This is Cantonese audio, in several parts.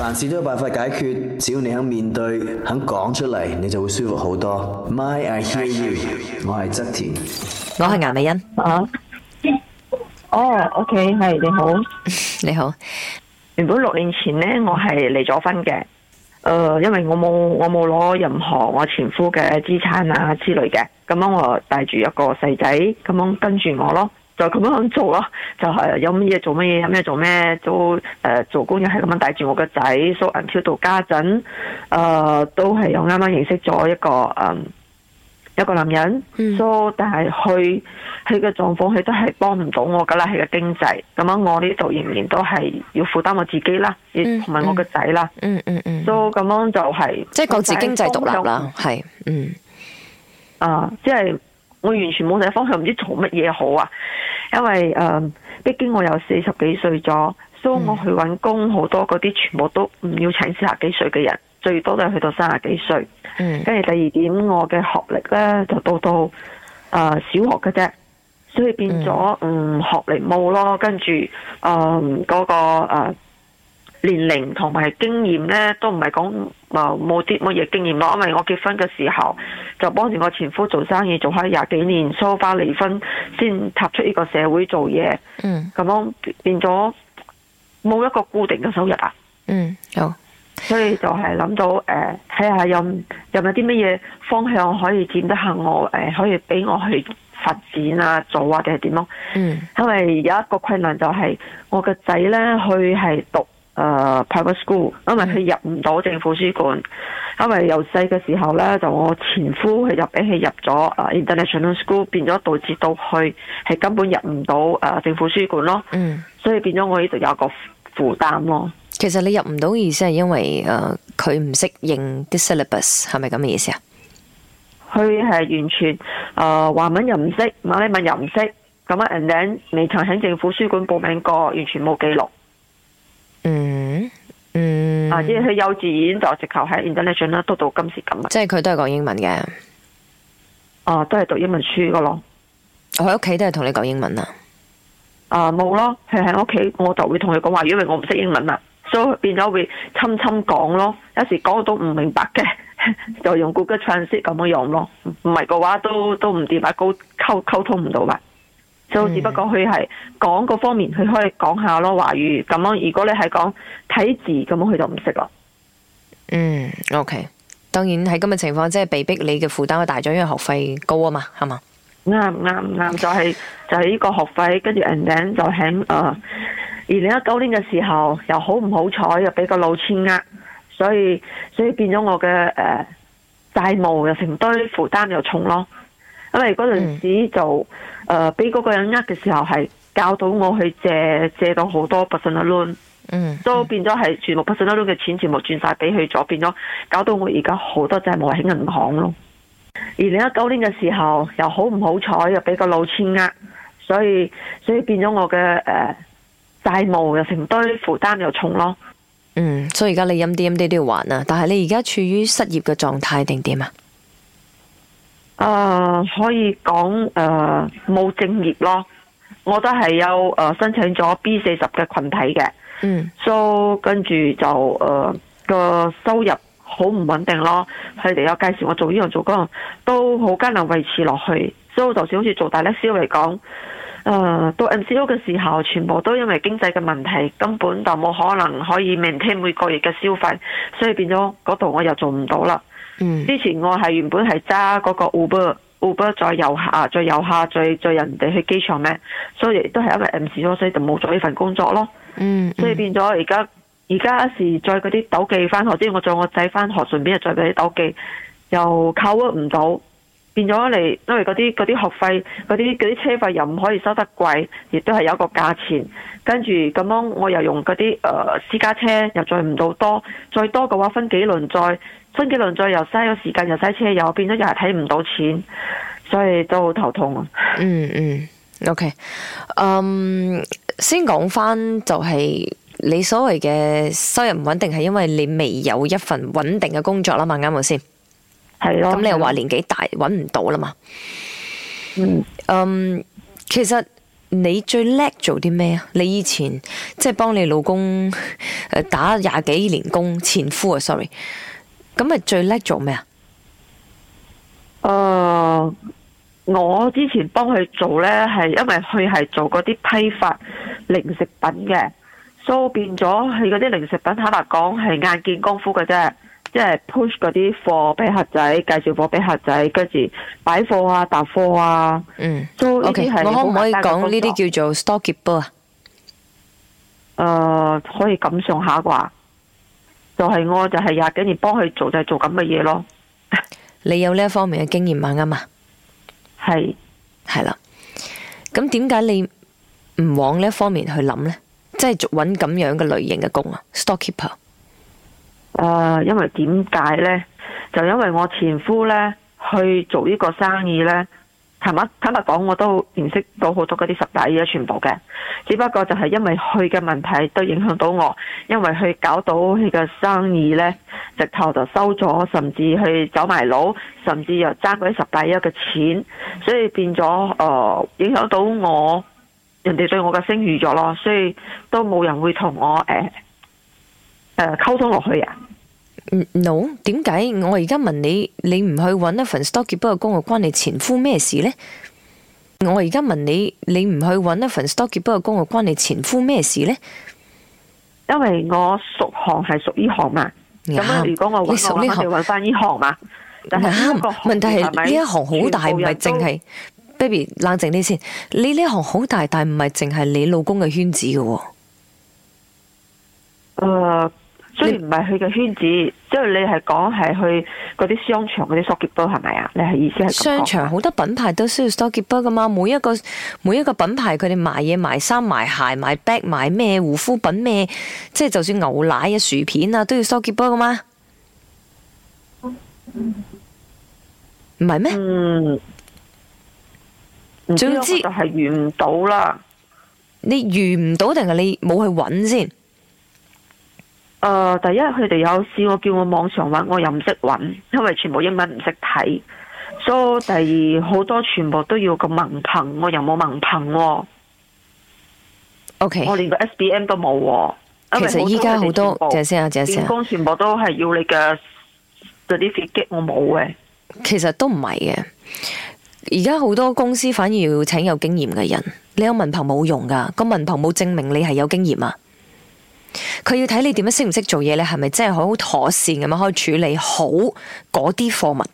凡事都有辦法解決，只要你肯面對，肯講出嚟，你就會舒服好多。My I hear you，我係側田，我係顏美欣啊。哦、oh，OK，係、yes, 你好， 你好。原本六年前呢，我係離咗婚嘅。誒、呃，因為我冇我冇攞任何我前夫嘅資產啊之類嘅，咁樣我帶住一個細仔，咁樣跟住我咯。就咁樣做咯，就係、是、有乜嘢做乜嘢，有咩做咩都誒、呃、做工又係咁樣帶住我個仔，收銀超到家陣，誒、呃、都係有啱啱認識咗一個誒、呃、一個男人，so、嗯、但係佢佢嘅狀況，佢都係幫唔到我噶啦，佢嘅經濟咁樣，我呢度仍然都係要負擔我自己啦、嗯，嗯，同埋我個仔啦，嗯嗯嗯，都咁樣就係、是、即係各自經濟獨立啦，係，嗯，啊、呃，即、就、係、是、我完全冇晒方向，唔知做乜嘢好啊！因為誒，畢、嗯、竟我有四十幾歲咗，嗯、所以我去揾工好多嗰啲全部都唔要請四十幾歲嘅人，最多都係去到三十幾歲。嗯，跟住第二點我，我嘅學歷呢就到到誒、呃、小學嘅啫，所以變咗嗯，嗯學歷冇咯，跟住誒嗰個誒。呃年齡同埋經驗咧，都唔係講冇啲乜嘢經驗咯。因為我結婚嘅時候就幫住我前夫做生意，做開廿幾年，so 翻離婚先踏出呢個社會做嘢。嗯，咁樣變咗冇一個固定嘅收入啊。嗯，係所以就係諗到誒，睇、呃、下有有冇啲乜嘢方向可以見得下我誒、呃，可以俾我去發展啊，做或者點咯。樣啊、嗯，因為有一個困難就係、是、我個仔咧佢係讀。誒、uh, private school，因為佢入唔到政府書館，因為由細嘅時候咧，就我前夫係入，佢入咗誒 international school，變咗導致到佢係根本入唔到誒政府書館咯。嗯，所以變咗我呢度有個負擔咯。其實你入唔到意思係因為誒佢唔適應啲 syllabus 係咪咁嘅意思啊？佢係完全誒、呃、華文又唔識，馬來文又唔識，咁啊，and then 未曾喺政府書館報名過，完全冇記錄。嗯嗯，嗯啊，即係去幼稚園就直頭係 international 啦，到到今時咁即係佢都係講英文嘅，哦、啊，都係讀英文書噶咯，喺屋企都係同你講英文啊，啊冇咯，佢喺屋企我就會同佢講話，因為我唔識英文啊，所以變咗會親親講咯，有時講到都唔明白嘅， 就用 Google Translate 咁樣用咯，唔係嘅話都都唔掂啊，溝溝溝通唔到啊。就、嗯、只不過佢係講個方面，佢可以講下咯，華語咁樣、啊。如果你係講睇字咁樣，佢就唔識咯。嗯，OK。當然喺今日情況，即係被逼你嘅負擔好大咗，因為學費高啊嘛，係嘛？啱啱啱，就係就係呢個學費，跟住 and then 就響啊。二零一九年嘅時候，又好唔好彩又俾個老千呃，所以所以變咗我嘅誒債務又成堆，負擔又重咯。因為嗰陣時就。嗯誒俾嗰個人呃嘅時候係教到我去借借到好多不信得 loan，嗯，都變咗係全部不信得 loan 嘅錢全部轉晒俾佢咗，變咗搞到我而家好多債務喺銀行咯。二零一九年嘅時候又好唔好彩又俾個老千呃，所以所以變咗我嘅誒、呃、債務又成堆，負擔又重咯。嗯，所以而家你飲啲飲啲都要還啊，但係你而家處於失業嘅狀態定點啊？啊，uh, 可以講誒冇正業咯，我都係有誒、uh, 申請咗 B 四十嘅群體嘅，嗯、mm. so,，所以跟住就誒個收入好唔穩定咯，佢哋又介紹我做呢樣做嗰樣，都好艱難維持落去，所以就算好似做大粒銷嚟講，誒、uh, 到 M C O 嘅時候，全部都因為經濟嘅問題，根本就冇可能可以 maintain 每個月嘅消費，所以變咗嗰度我又做唔到啦。Mm hmm. 之前我係原本係揸嗰個 Uber，Uber 再右下再右下再再人哋去機場咩，所以亦都係因為 MCO，所以就冇咗呢份工作咯。嗯、mm，hmm. 所以變咗而家而家一時載嗰啲斗記翻學，即係我載我仔翻學，順便再又載俾斗記又溝通唔到。變咗嚟，因為嗰啲嗰啲學費、嗰啲嗰啲車費又唔可以收得貴，亦都係有一個價錢。跟住咁樣，我又用嗰啲誒私家車，又載唔到多，再多嘅話分幾輪再分幾輪再又嘥咗時間，又嘥車，又變咗又係睇唔到錢，所以都好頭痛啊、嗯。嗯嗯，OK，嗯、um，先講翻就係你所謂嘅收入唔穩定，係因為你未有一份穩定嘅工作啦，嘛啱我先。係咯，咁你又話年紀大揾唔到啦嘛？嗯，其實你最叻做啲咩啊？你以前即係幫你老公打廿幾年工，前夫啊，sorry，咁咪最叻做咩啊？誒、呃，我之前幫佢做呢，係因為佢係做嗰啲批發零食品嘅，所以變咗佢嗰啲零食品，坦白講係眼見功夫嘅啫。即係 push 嗰啲貨俾客仔，介紹貨俾客仔，跟住擺貨啊、搭貨啊，嗯，都呢啲係我可唔可以講呢啲叫做 stockkeeper 啊？誒，可以咁上下啩？就係、是、我就係廿幾年幫佢做，就係、是、做咁嘅嘢咯。 你有呢一方面嘅經驗啊？啱啊 是，係係啦。咁點解你唔往呢一方面去諗呢？即係揾咁樣嘅類型嘅工啊？stockkeeper。誒、呃，因為點解呢？就因為我前夫呢去做呢個生意呢，係嘛，坦白講，我都認識到好多嗰啲十大一全部嘅。只不過就係因為佢嘅問題都影響到我，因為佢搞到佢嘅生意呢直頭就收咗，甚至去走埋佬，甚至又爭嗰啲十大一嘅錢，所以變咗誒、呃、影響到我人哋對我嘅聲譽咗咯，所以都冇人會同我誒。欸誒，溝、uh, 通落去啊？No 點解？我而家問你，你唔去搵一份 stockbroker 嘅工啊？關你前夫咩事呢？我而家問你，你唔去搵一份 stockbroker 嘅工啊？關你前夫咩事呢？因為我熟行係熟呢行嘛，咁 Yeah, 如果我,我你熟呢行我搵嚟搵翻呢行嘛，yeah, 但啱。Yeah, 問題係呢一行好大，唔係淨係。Baby 冷靜啲先，你呢行好大，但唔係淨係你老公嘅圈子嘅、哦。誒。Uh, 雖然唔係佢嘅圈子，即係你係講係去嗰啲商場嗰啲 stockpile 係咪啊？你係意思係？商場好多品牌都需要 stockpile 噶嘛？每一個每一個品牌佢哋賣嘢賣衫賣鞋賣 bag 賣咩護膚品咩，即係就算牛奶啊薯片啊都要 stockpile 噶嘛？唔係咩？嗯、總之就係遇唔到啦。你遇唔到定係你冇去揾先？誒，uh, 第一佢哋有事，我叫我網上搵，我又唔識搵，因為全部英文唔識睇。所以第二好多全部都要個文憑，我又冇文憑、哦。O Okay . K，我連個 S B M 都冇、哦。其實依家好多，謝先啊，謝先。工全部都係要你嘅嗰啲業績，我冇嘅。其實都唔係嘅，而家好多公司反而要請有經驗嘅人。你有文憑冇用噶，個文憑冇證明你係有經驗啊。佢要睇你點樣識唔識做嘢，你係咪真係好好妥善咁樣可以處理好嗰啲貨物，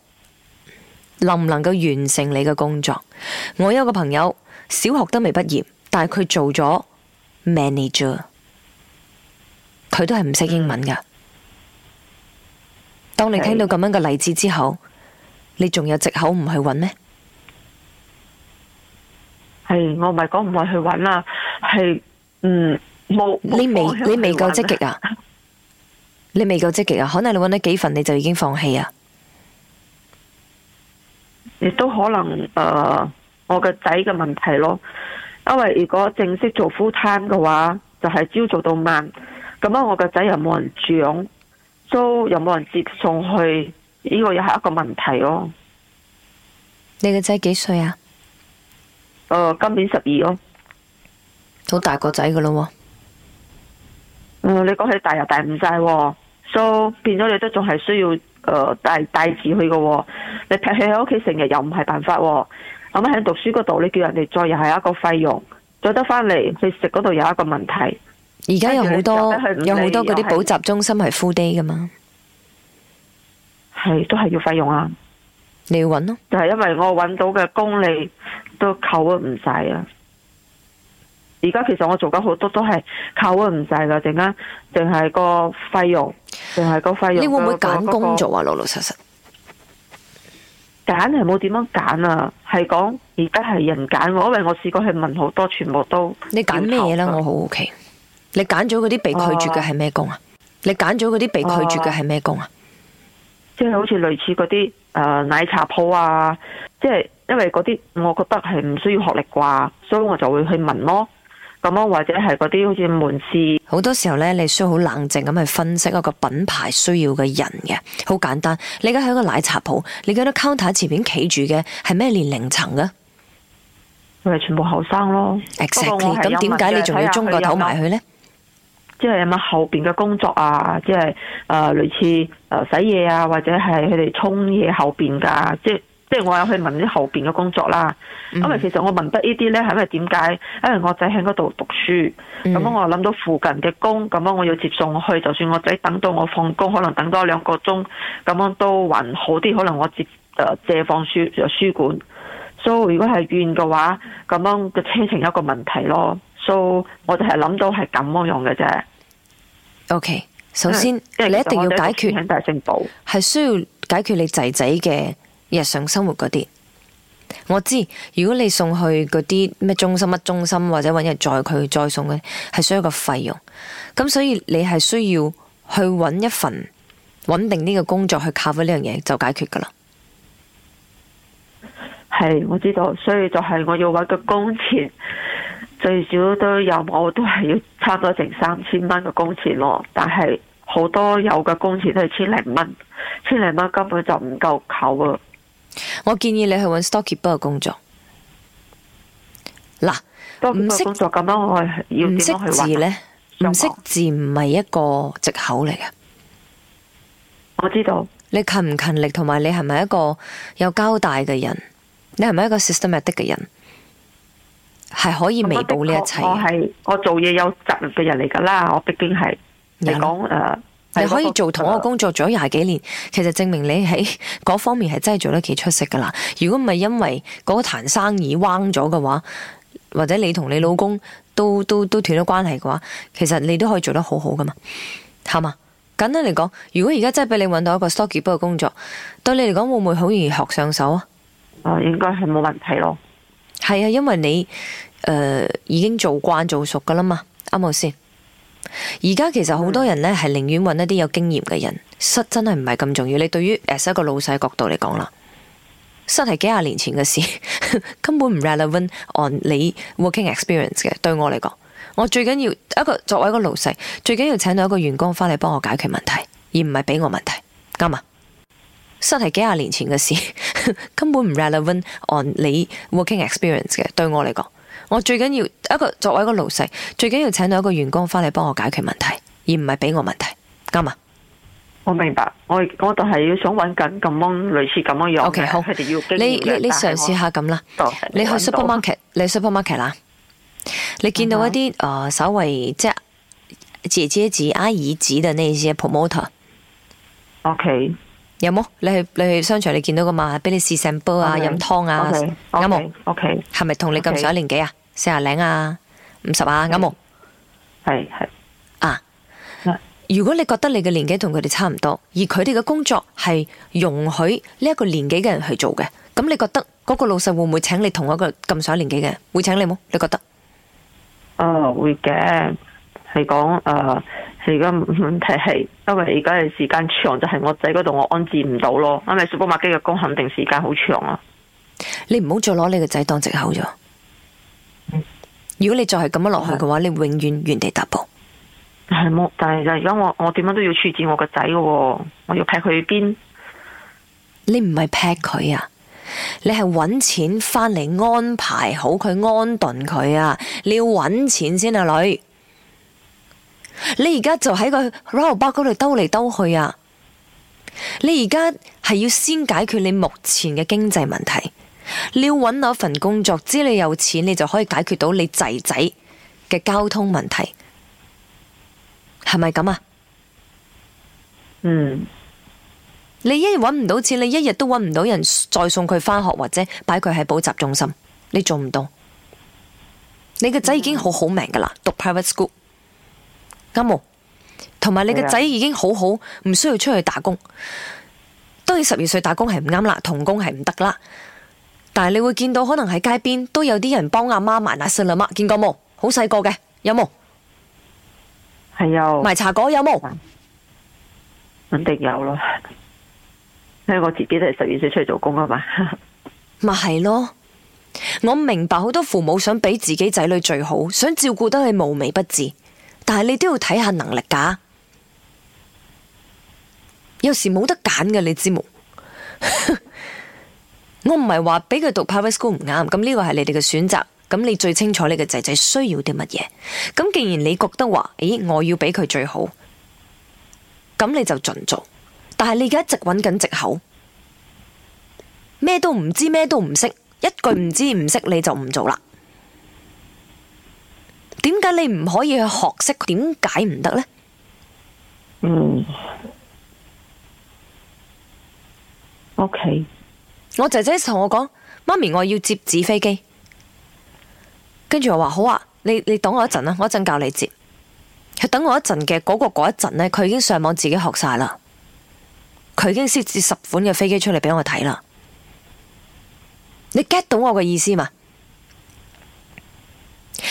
能唔能夠完成你嘅工作？我有個朋友小學都未畢業，但係佢做咗 manager，佢都係唔識英文嘅。嗯、當你聽到咁樣嘅例子之後，是你仲有借口唔去揾咩？係我唔係講唔去去揾啦，係嗯。冇，你未你未夠積極啊！ 你未夠積極啊！可能你揾得幾份你就已經放棄啊！亦都可能誒、呃，我個仔嘅問題咯，因為如果正式做 full time 嘅話，就係朝做到晚，咁啊我個仔又冇人住，都又冇人接送去，呢個又係一個問題咯。你個仔幾歲啊？誒、呃，今年十二咯，好大個仔㗎喇喎！誒、哦 so, 呃哦，你講起大又大唔晒，所以變咗你都仲係需要誒帶帶住去嘅。你撇去喺屋企成日又唔係辦法，哦，咁喺讀書嗰度你叫人哋再又係一個費用，再得翻嚟去食嗰度又係一個問題。而家有好多有好多嗰啲補習中心係 full day 嘅嘛，係都係要費用啊，你要搵咯，啊。就係因為我搵到嘅功利都扣咗唔晒啊。而家其實我做緊好多都係靠運唔濟啦，陣間淨係個費用，淨係個費用。你會唔會揀工做啊？老、那個、老實實揀係冇點樣揀啊，係講而家係人揀我，因為我試過去問好多，全部都你揀咩呢？我好 OK。你揀咗嗰啲被拒絕嘅係咩工啊？你揀咗嗰啲被拒絕嘅係咩工啊？即、就、係、是、好似類似嗰啲誒奶茶鋪啊，即、就、係、是、因為嗰啲我覺得係唔需要學歷啩，所以我就會去問咯。咁或者係嗰啲好似門市，好多時候咧，你需要好冷靜咁去分析一個品牌需要嘅人嘅。好簡單，你而家喺個奶茶鋪，你覺得 counter 前面企住嘅係咩年齡層嘅？佢哋全部後生咯。Exactly，咁點解你仲要中國投埋、那個、去呢？即係有乜後邊嘅工作啊？即係誒、呃、類似誒洗嘢啊，或者係佢哋沖嘢後邊噶？即即係我有去問啲後邊嘅工作啦，咁咪、mm hmm。其實我問得呢啲咧，係咪點解？因為我仔喺嗰度讀書，咁、mm hmm。我諗到附近嘅工，咁樣我要接送去，就算我仔等到我放工，可能等多兩個鐘，咁樣都還好啲。可能我接誒、呃、借放書就書館。so 如果係遠嘅話，咁樣嘅車程一個問題咯。so 我哋係諗到係咁樣嘅啫。OK，首先因為你一定要解決，係需要解決你仔仔嘅。日常生活嗰啲，我知如果你送去嗰啲咩中心、乜中心或者揾人載佢再送嘅，係需要個費用。咁所以你係需要去揾一份穩定呢個工作去靠呢樣嘢就解決㗎啦。係我知道，所以就係我要揾個工錢，最少都有我都係要差唔多成三千蚊嘅工錢咯。但係好多有嘅工錢都係千零蚊，千零蚊根本就唔夠靠啊！我建議你去揾 stock keeper 嘅工作。嗱，唔識咁樣，我要識字呢。唔識字唔係一個藉口嚟嘅。我知道。知道你勤唔勤力，同埋你係咪一個有交代嘅人？你係咪一個 systematic 嘅人？係可以彌補呢一切我。我係我，我做嘢有責任嘅人嚟噶啦，我畢竟係。你講啊。嗯你可以做同一個工作咗廿幾年，其實證明你喺嗰方面係真係做得幾出色噶啦。如果唔係因為嗰談生意彎咗嘅話，或者你同你老公都都都斷咗關係嘅話，其實你都可以做得好好噶嘛。係嘛？簡單嚟講，如果而家真係俾你搵到一個 stock job 嘅工作，對你嚟講會唔會好容易學上手啊？啊，應該係冇問題咯。係啊，因為你誒、呃、已經做慣做熟噶啦嘛，啱冇先？而家其實好多人呢，係寧願揾一啲有經驗嘅人，失真係唔係咁重要。你對於誒，作為一個老細角度嚟講啦，失係幾廿年前嘅事， 根本唔 relevant on 你 working experience 嘅。對我嚟講，我最緊要一個作為一個老細，最緊要請到一個員工翻嚟幫我解決問題，而唔係俾我問題，啱嘛？失係幾廿年前嘅事， 根本唔 relevant on 你 working experience 嘅。對我嚟講。我最緊要一個作為一個老細，最緊要請到一個員工翻嚟幫我解決問題，而唔係俾我問題，啱啊？我明白，我我就係想揾緊咁樣類似咁樣樣。O K，好。你你你嘗試下咁啦，你去 Supermarket，你去 Supermarket 啦，你見到一啲誒，所謂即係姐姐子、阿姨子嘅呢啲 promoter。O K，有冇？你去你去商場，你見到噶嘛？俾你試 sample 啊，飲湯啊，有冇？O K，係咪同你咁上一年紀啊？四十零啊，五十啊，啱冇是？係係啊，是如果你覺得你嘅年紀同佢哋差唔多，而佢哋嘅工作係容許呢一個年紀嘅人去做嘅，咁你覺得嗰個老細會唔會請你同一個咁上年紀嘅人？會請你冇？你覺得？啊、哦，會嘅，係講誒，而、呃、家問題係，因為而家係時間長，就係、是、我仔嗰度我安置唔到咯因為 supermarket 嘅工肯定時間好長啊。你唔好再攞你個仔當藉口咗。如果你再係咁樣落去嘅話，的你永遠原地踏步。係但係而家我我點樣都要處置我個仔嘅，我要劈佢去邊？你唔係劈佢啊，你係揾錢返嚟安排好佢，安頓佢啊！你要揾錢先啊，女。你而家就喺個 roundabout 嗰度兜嚟兜去啊！你而家係要先解決你目前嘅經濟問題。你要揾到一份工作，只要你有錢，你就可以解決到你仔仔嘅交通問題，係咪咁啊？嗯，mm. 你一日揾唔到錢，你一日都揾唔到人再送佢返學，或者擺佢喺補習中心，你做唔到。你個仔已經好好命噶啦，讀 private school，阿毛同埋你個仔已經好好，唔需要出去打工。當然，十二歲打工係唔啱啦，童工係唔得啦。但係你會見到可能喺街邊都有啲人幫阿媽埋那信啦，嗎、啊？見過冇？好細個嘅有冇？係有埋茶果有冇？肯定有咯。因為我自己都係十二歲出嚟做工啊嘛。咪係咯。我明白好多父母想俾自己仔女最好，想照顧得佢無微不至，但係你都要睇下能力噶。有時冇得揀嘅，你知冇？ 我唔係話俾佢讀 private school 唔啱，咁呢個係你哋嘅選擇，咁你最清楚你嘅仔仔需要啲乜嘢。咁既然你覺得話，咦，我要俾佢最好，咁你就盡做。但係你而家一直揾緊藉口，咩都唔知，咩都唔識，一句唔知唔識，你就唔做啦。點解你唔可以去學識？點解唔得呢？嗯。OK。我仔仔同我講：媽咪，我要摺紙飛機。跟住我話好啊，你你等我一陣啦，我一陣教你摺。佢等我一陣嘅嗰個嗰一陣呢，佢已經上網自己學晒啦，佢已經識摺十款嘅飛機出嚟俾我睇啦。你 get 到我嘅意思嘛？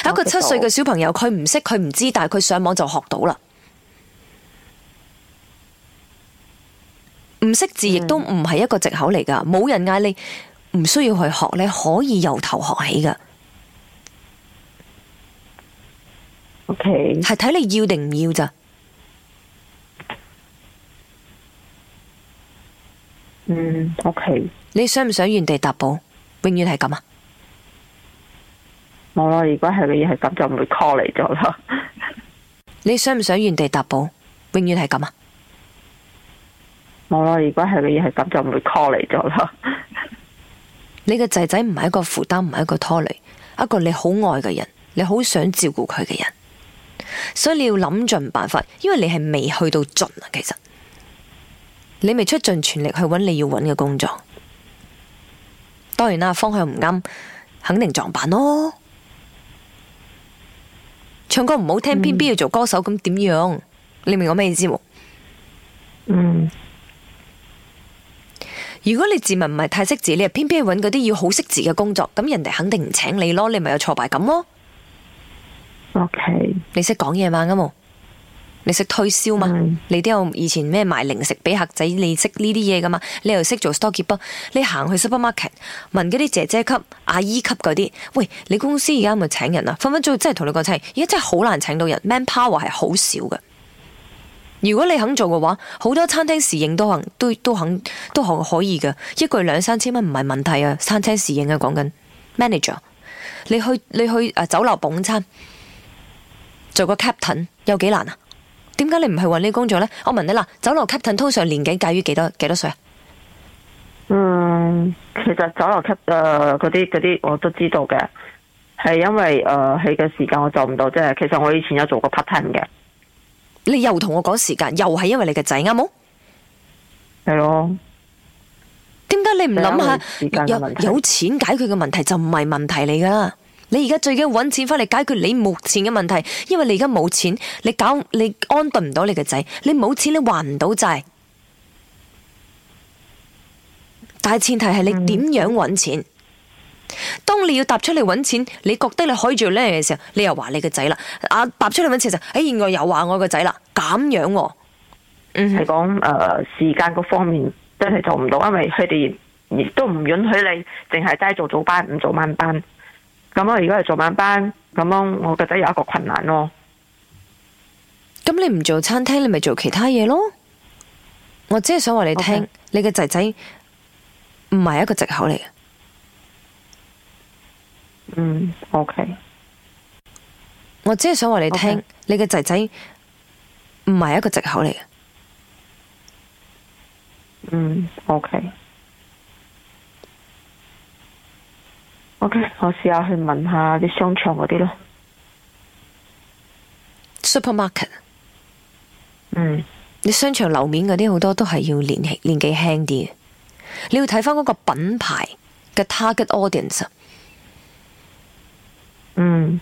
一個七歲嘅小朋友，佢唔識，佢唔知，但係佢上網就學到啦。唔識字亦都唔係一個藉口嚟噶，冇人嗌你唔需要去學你，可以由頭學起噶。OK，係睇你要定唔要咋？嗯，OK。你想唔想原地踏步？永遠係咁啊！冇啦，如果係你係咁，就唔會 call 你咗啦。你想唔想原地踏步？永遠係咁啊！冇啦，如果係你，係係咁，就唔會拖嚟咗咯。 你嘅仔仔唔係一個負擔，唔係一個拖累，一個你好愛嘅人，你好想照顧佢嘅人，所以你要諗盡辦法，因為你係未去到盡啊，其實你未出盡全力去揾你要揾嘅工作。當然啦，方向唔啱，肯定撞板咯。唱歌唔好聽 B，嗯，偏偏要做歌手，咁點樣？你明我咩意思？嗯。如果你自問唔係太識字，你又偏偏揾嗰啲要好識字嘅工作，咁人哋肯定唔請你咯。你咪有挫敗感咯。OK，你識講嘢嘛？噶冇，你識推銷嘛？Mm hmm. 你都有以前咩賣零食俾客仔？你識呢啲嘢噶嘛？你又識做 stockkeep？你行去 supermarket 問嗰啲姐姐級、阿姨級嗰啲，喂，你公司而家咪請人啊？分分鐘真係同你講真，而家真係好難請到人，man power 係好少嘅。如果你肯做嘅話，好多餐廳侍應都肯，都都肯，都可可以嘅，一個月兩三千蚊唔係問題啊！餐廳侍應啊，講緊 manager，你去你去誒，酒樓捧餐，做個 captain 有幾難啊？點解你唔去搵呢啲工作呢？我問你嗱，酒樓 captain 通常年紀介於幾多幾多歲啊？嗯，其實酒樓 cap 誒嗰啲嗰啲我都知道嘅，係因為誒起嘅時間我做唔到即係。其實我以前有做過 captain 嘅。你又同我講時間，又係因為你嘅仔啱冇？係咯。點解 你唔諗下 有有錢解決嘅問題就唔係問題嚟噶啦？你而家最緊要揾錢翻嚟解決你目前嘅問題，因為你而家冇錢，你搞你安頓唔到你嘅仔，你冇錢你還唔到債。但係前提係你點樣揾錢。 當你要踏出嚟揾錢，你覺得你可以做呢樣嘢嘅時候，你又話你個仔啦，阿、啊、踏出嚟搵錢就，哎，我又話我個仔啦，咁樣、啊，係講誒時間嗰方面真係做唔到，因為佢哋亦都唔允許你淨係齋做早班，唔做晚班。咁我而家係做晚班，咁、嗯、我覺得有一個困難咯。咁你唔做餐廳，你咪做其他嘢咯。我只係想話你聽，Okay. 你個仔仔唔係一個借口嚟嘅。嗯、mm,，OK。我只係想話你聽，Okay. 你嘅仔仔唔係一個借口嚟嘅。嗯、mm,，OK。OK，我試下去問下啲商場嗰啲咯，supermarket。嗯，Super market. mm. 你商場樓面嗰啲好多都係要年紀年紀輕啲，你要睇翻嗰個品牌嘅 target audience。嗯，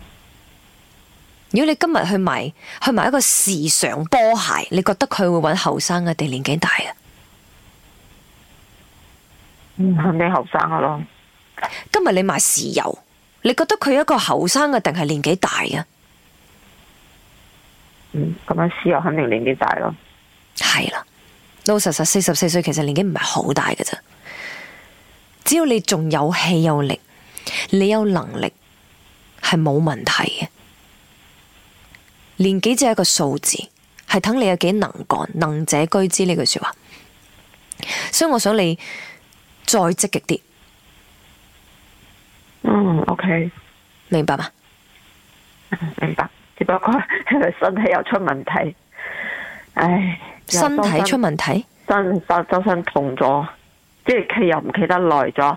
如果你今日去買去買一個時尚波鞋，你覺得佢會揾後生嘅定年紀大啊？嗯，肯定後生嘅咯。今日你買豉油，你覺得佢一個後生嘅定係年紀大嘅？嗯，咁樣豉油肯定年紀大咯。係啦，老實實四十四歲，其實年紀唔係好大嘅咋，只要你仲有氣有力，你有能力。係冇問題嘅，年紀只係一個數字，係等你有幾能幹，能者居之呢句說話。所以我想你再積極啲。嗯，OK，明白嗎？明白，只不過身體又出問題。唉，身，身體出問題，身身周身痛咗，即係企又唔企得耐咗，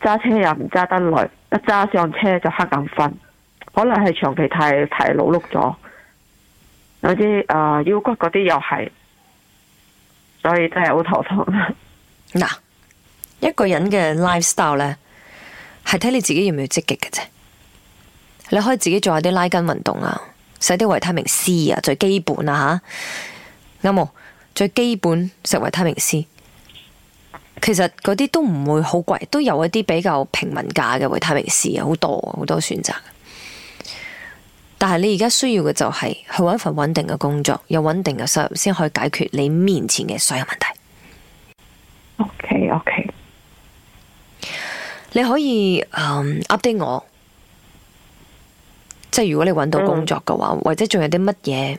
揸車又唔揸得耐，一揸上車就黑眼瞓。可能係長期太太勞碌咗，有啲啊、呃、腰骨嗰啲又係，所以真係好頭痛。嗱，一個人嘅 lifestyle 呢，係睇你自己要唔要積極嘅啫。你可以自己做下啲拉筋運動啊，食啲維他命 C 啊，最基本啊吓。啱、啊啊、最基本食維他命 C，其實嗰啲都唔會好貴，都有一啲比較平民價嘅維他命 C 啊，好多好多選擇。但係你而家需要嘅就係去搵份穩定嘅工作，有穩定嘅收入先可以解決你面前嘅所有問題。OK OK，你可以呃 update 我，即係如果你揾到工作嘅話，mm. 或者仲有啲乜嘢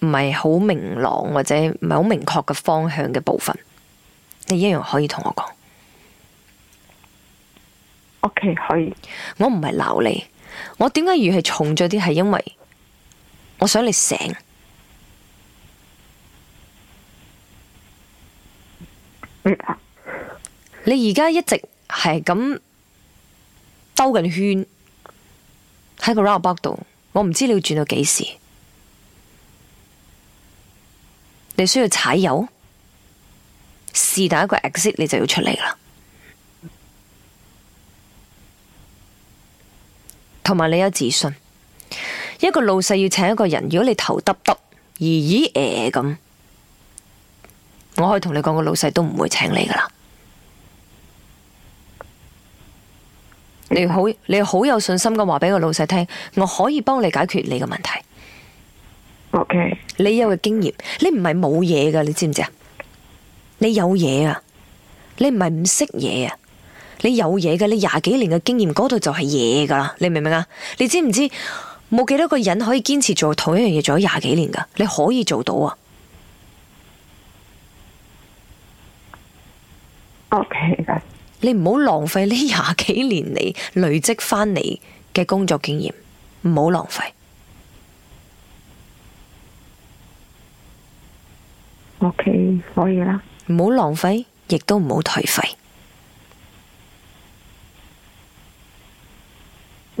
唔係好明朗或者唔係好明確嘅方向嘅部分，你一樣可以同我講。OK 可以，我唔係鬧你。我點解語係重咗啲？係因為我想你醒。你而家一直係咁兜緊圈喺個 roundabout 度，我唔知你要轉到幾時？你需要踩油，是但一個 exit 你就要出嚟啦。同埋你有自信，一個老細要請一個人，如果你頭耷耷，咦咦誒咁，我可以同你講，個老細都唔會請你噶啦。你好，你好有信心咁話，俾個老細聽，我可以幫你解決你嘅問題。OK，你有嘅經驗，你唔係冇嘢噶，你知唔知啊？你有嘢啊，你唔係唔識嘢啊。你有嘢嘅，你廿幾年嘅經驗嗰度就係嘢噶啦，你明唔明啊？你知唔知冇幾多個人可以堅持做同一樣嘢做咗廿幾年噶？你可以做到啊！OK，你唔好浪費呢廿幾年嚟累積翻嚟嘅工作經驗，唔好浪費。OK，可以啦，唔好浪費，亦都唔好頹廢。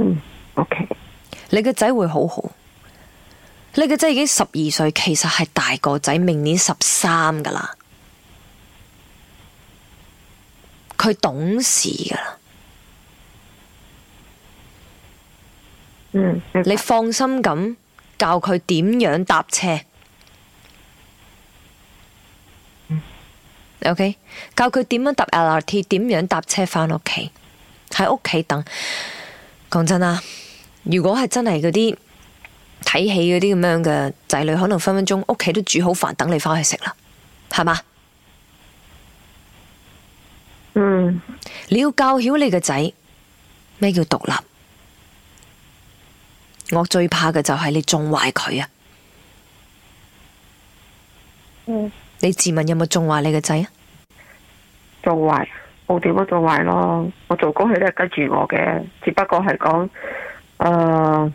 嗯，mm, OK。你個仔會好好。你個仔已經十二歲，其實係大個仔，明年十三噶啦。佢懂事噶啦。嗯，mm, okay. 你放心咁教佢點樣搭車。Mm. okay? 教佢點樣搭 LRT，點樣搭車返屋企，喺屋企等。講真啊，如果係真係嗰啲睇戲嗰啲咁樣嘅仔女，可能分分鐘屋企都煮好飯等你返去食啦，係嘛？嗯，你要教曉你嘅仔咩叫獨立，我最怕嘅就係你縱壞佢啊。嗯，你自問有冇縱壞你嘅仔啊？縱壞。冇點樣做壞咯？我做工佢都係跟住我嘅，只不過係講，誒、呃，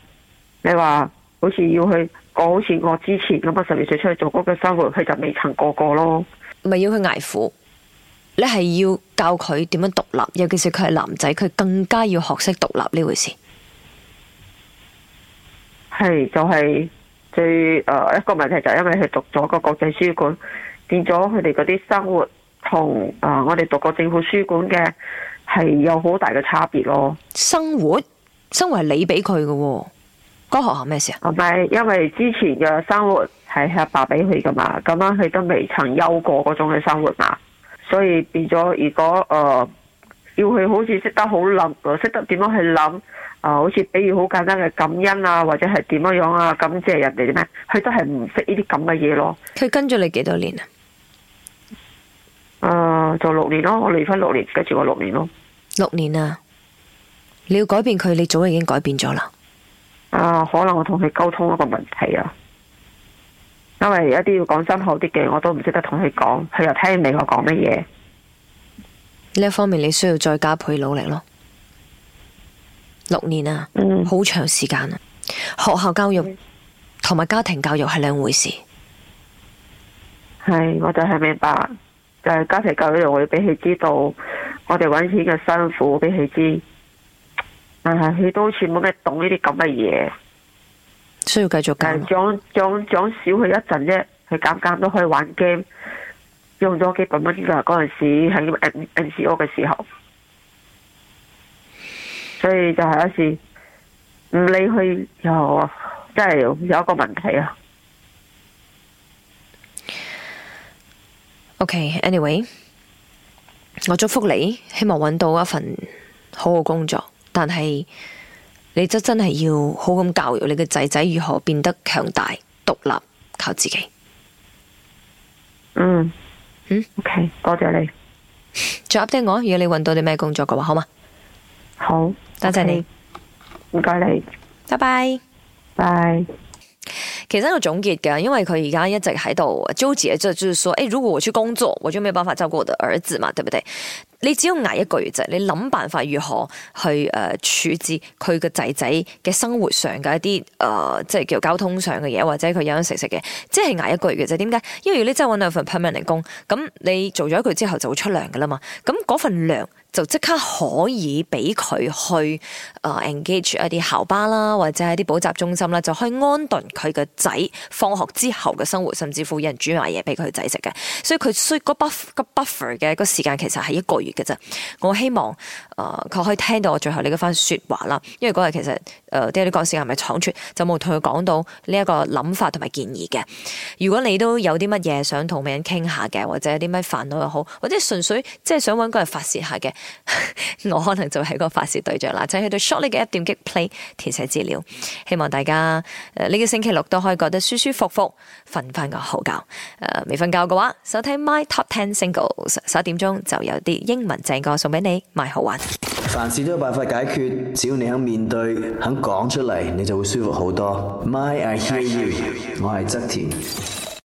你話好似要去過，好似我之前咁啊，十二歲出去做工嘅生活，佢就未曾過過咯。咪要去挨苦？你係要教佢點樣獨立，尤其是佢係男仔，佢更加要學識獨立呢回事。係就係、是、最誒、呃、一個問題，就係因為佢讀咗個國際書館，變咗佢哋嗰啲生活。同啊，我哋讀過政府書館嘅係有好大嘅差別咯。生活，生活係你俾佢嘅，嗰學校咩事，啊？唔係，因為之前嘅生活係阿爸俾佢噶嘛，咁樣佢都未曾休過嗰種嘅生活嘛。所以變咗，如果誒、呃，要佢好似識得好諗，誒識得點樣去諗啊、呃？好似比如好簡單嘅感恩啊，或者係點樣樣啊，感謝人哋啲咩，佢都係唔識呢啲咁嘅嘢咯。佢跟咗你幾多年啊？做六年咯，我離婚六年，跟住我六年咯。六年啊，你要改變佢，你早已經改變咗啦。啊，可能我同佢溝通一個問題啊，因為一啲要講深厚啲嘅，我都唔識得同佢講，佢又聽唔明我講乜嘢。呢一方面，你需要再加倍努力咯。六年啊，好、嗯、長時間啊，學校教育同埋家庭教育係兩回事。係，我就係明白。就係家庭教育，我要俾佢知道，我哋搵錢嘅辛苦俾佢知，但係佢都好似冇咩懂呢啲咁嘅嘢。需要繼續繼續教。漲漲漲少佢一陣啫，佢減減都可以玩 game，用咗幾百蚊噶嗰陣時喺 NCO 嘅時候，所以就係一時唔理佢又即係有一個問題啊。OK，anyway，、okay，我祝福你，希望揾到一份好好工作。但係你就真係要好咁教育你嘅仔仔如何變得強大、獨立、靠自己。嗯，嗯，OK，多謝你。再 update 我，如果你揾到你咩工作嘅話，好嘛？好，多謝你。唔該你，拜拜，拜。其實有總結嘅，因為佢而家一直喺度糾結，就係，就是說，誒、欸，如果我去工作，我就冇辦法照顧我的兒子嘛，對不對？你只要挨一個月就係，你諗辦法如何去誒、呃、處置佢嘅仔仔嘅生活上嘅一啲誒、呃，即係叫交通上嘅嘢，或者佢飲飲食食嘅，即係挨一個月嘅啫。點解？因為如果你真係搵到份 permanent 工，咁你做咗佢之後就會出糧噶啦嘛，咁嗰份糧。就即刻可以俾佢去啊 engage 一啲校巴啦，或者係啲補習中心啦，就可以安頓佢個仔放學之後嘅生活，甚至乎有人煮埋嘢俾佢仔食嘅。所以佢需要個 buffer 嘅個 uff,、er、時間其實係一個月嘅啫。我希望啊，佢、呃、可以聽到我最後呢嗰番説話啦，因為嗰日其實。誒啲啲角色係咪倉促，就冇同佢講到呢一個諗法同埋建議嘅。如果你都有啲乜嘢想同名人傾下嘅，或者有啲乜煩惱又好，或者純粹即係想揾個人發泄下嘅， 我可能就係個發泄對象啦。就喺對 Shorty 嘅一點擊 play 填寫資料，希望大家呢個、呃、星期六都可以覺得舒舒服服瞓翻個好、呃、覺。誒未瞓覺嘅話，收聽 my top ten singles 十一點鐘就有啲英文正歌送俾你，My 好玩！凡事都有辦法解決，只要你肯面對，肯講出嚟，你就會舒服好多。My I hear you，, I hear you. 我係側田。